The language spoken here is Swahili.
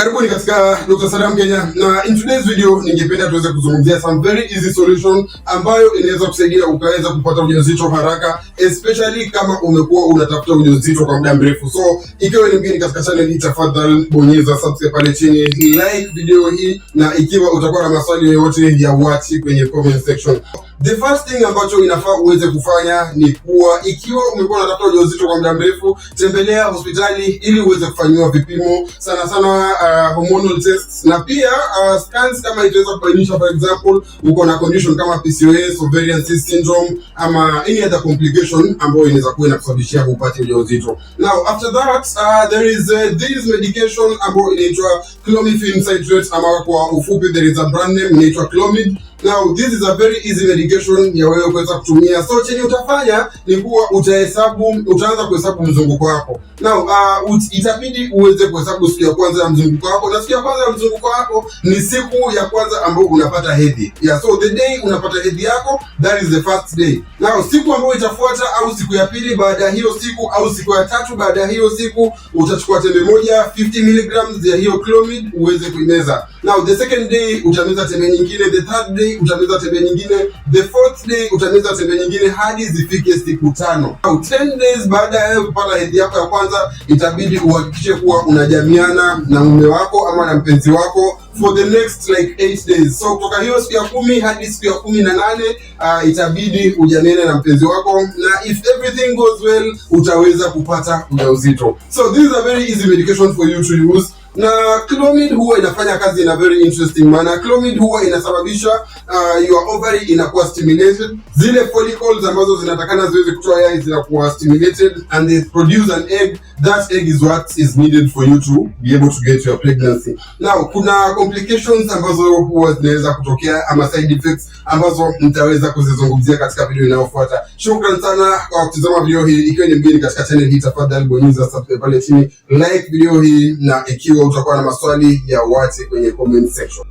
Karibuni katika Dr. Saddam Kenya na in today's video ningependa tuweze kuzungumzia some very easy solution ambayo inaweza kusaidia ukaweza kupata ujauzito haraka especially kama umekuwa unatafuta ujauzito kwa muda mrefu. So ikiwa ni mgeni katika channel hii, tafadhali bonyeza subscribe pale chini, like video hii, na ikiwa utakuwa na maswali yoyote ya wati kwenye comment section. The first thing ambacho inafaa uweze kufanya ni kuwa, ikiwa umekuwa unatafuta ujauzito kwa muda mrefu, tembelea hospitali ili uweze kufanyiwa vipimo sana sana uh, hormonal tests na pia uh, scans kama itaweza kubainisha for example uko na condition kama PCOS, ovarian cyst syndrome ama any other complication ambayo inaweza kuwa inakusababishia kupata ujauzito. Now after that uh, there is uh, this medication ambayo inaitwa clomiphene citrate ama kwa ufupi there is a brand name inaitwa Clomid. Now this is a very easy medication ya wewe kuweza kutumia. So chenye utafanya ni kuwa utahesabu, utaanza kuhesabu mzunguko wako. Now uh, itabidi uweze kuhesabu siku ya kwanza ya mzunguko mzunguko wako, Unasikia kwanza mzunguko wako ni siku ya kwanza ambayo unapata hedhi yeah. So the day unapata hedhi yako, that is the first day. Now siku ambayo itafuata au siku ya pili baada ya hiyo siku au siku ya tatu baada ya hiyo siku, utachukua tembe moja 50 mg ya hiyo clomid uweze kuimeza. Now the second day utameza tembe nyingine, the third day utameza tembe nyingine, the fourth day utameza tembe nyingine hadi zifike siku tano. Now 10 days baada ya kupata hedhi yako ya kwanza, itabidi uhakikishe kuwa unajamiana na mume wako ama na mpenzi wako for the next like 8 days. So kutoka hiyo siku ya kumi hadi siku ya kumi na nane uh, itabidi ujamiane na mpenzi wako, na if everything goes well utaweza kupata ujauzito. So this is a very easy medication for you to use na Clomid huwa inafanya kazi ina very interesting, maana Clomid huwa inasababisha uh, your ovary inakuwa stimulated, zile follicles ambazo zinatakana ziweze kutoa yai zinakuwa stimulated and they produce an egg. That egg is what is needed for you to be able to get your pregnancy. Now kuna complications ambazo huwa zinaweza kutokea ama side effects ambazo nitaweza kuzizungumzia katika video inayofuata. Shukran sana kwa kutazama video hii. Ikiwa ni mgeni katika channel hii, tafadhali bonyeza subscribe pale chini, like video hii na ikiwa utakuwa na maswali ya wazi kwenye comment section.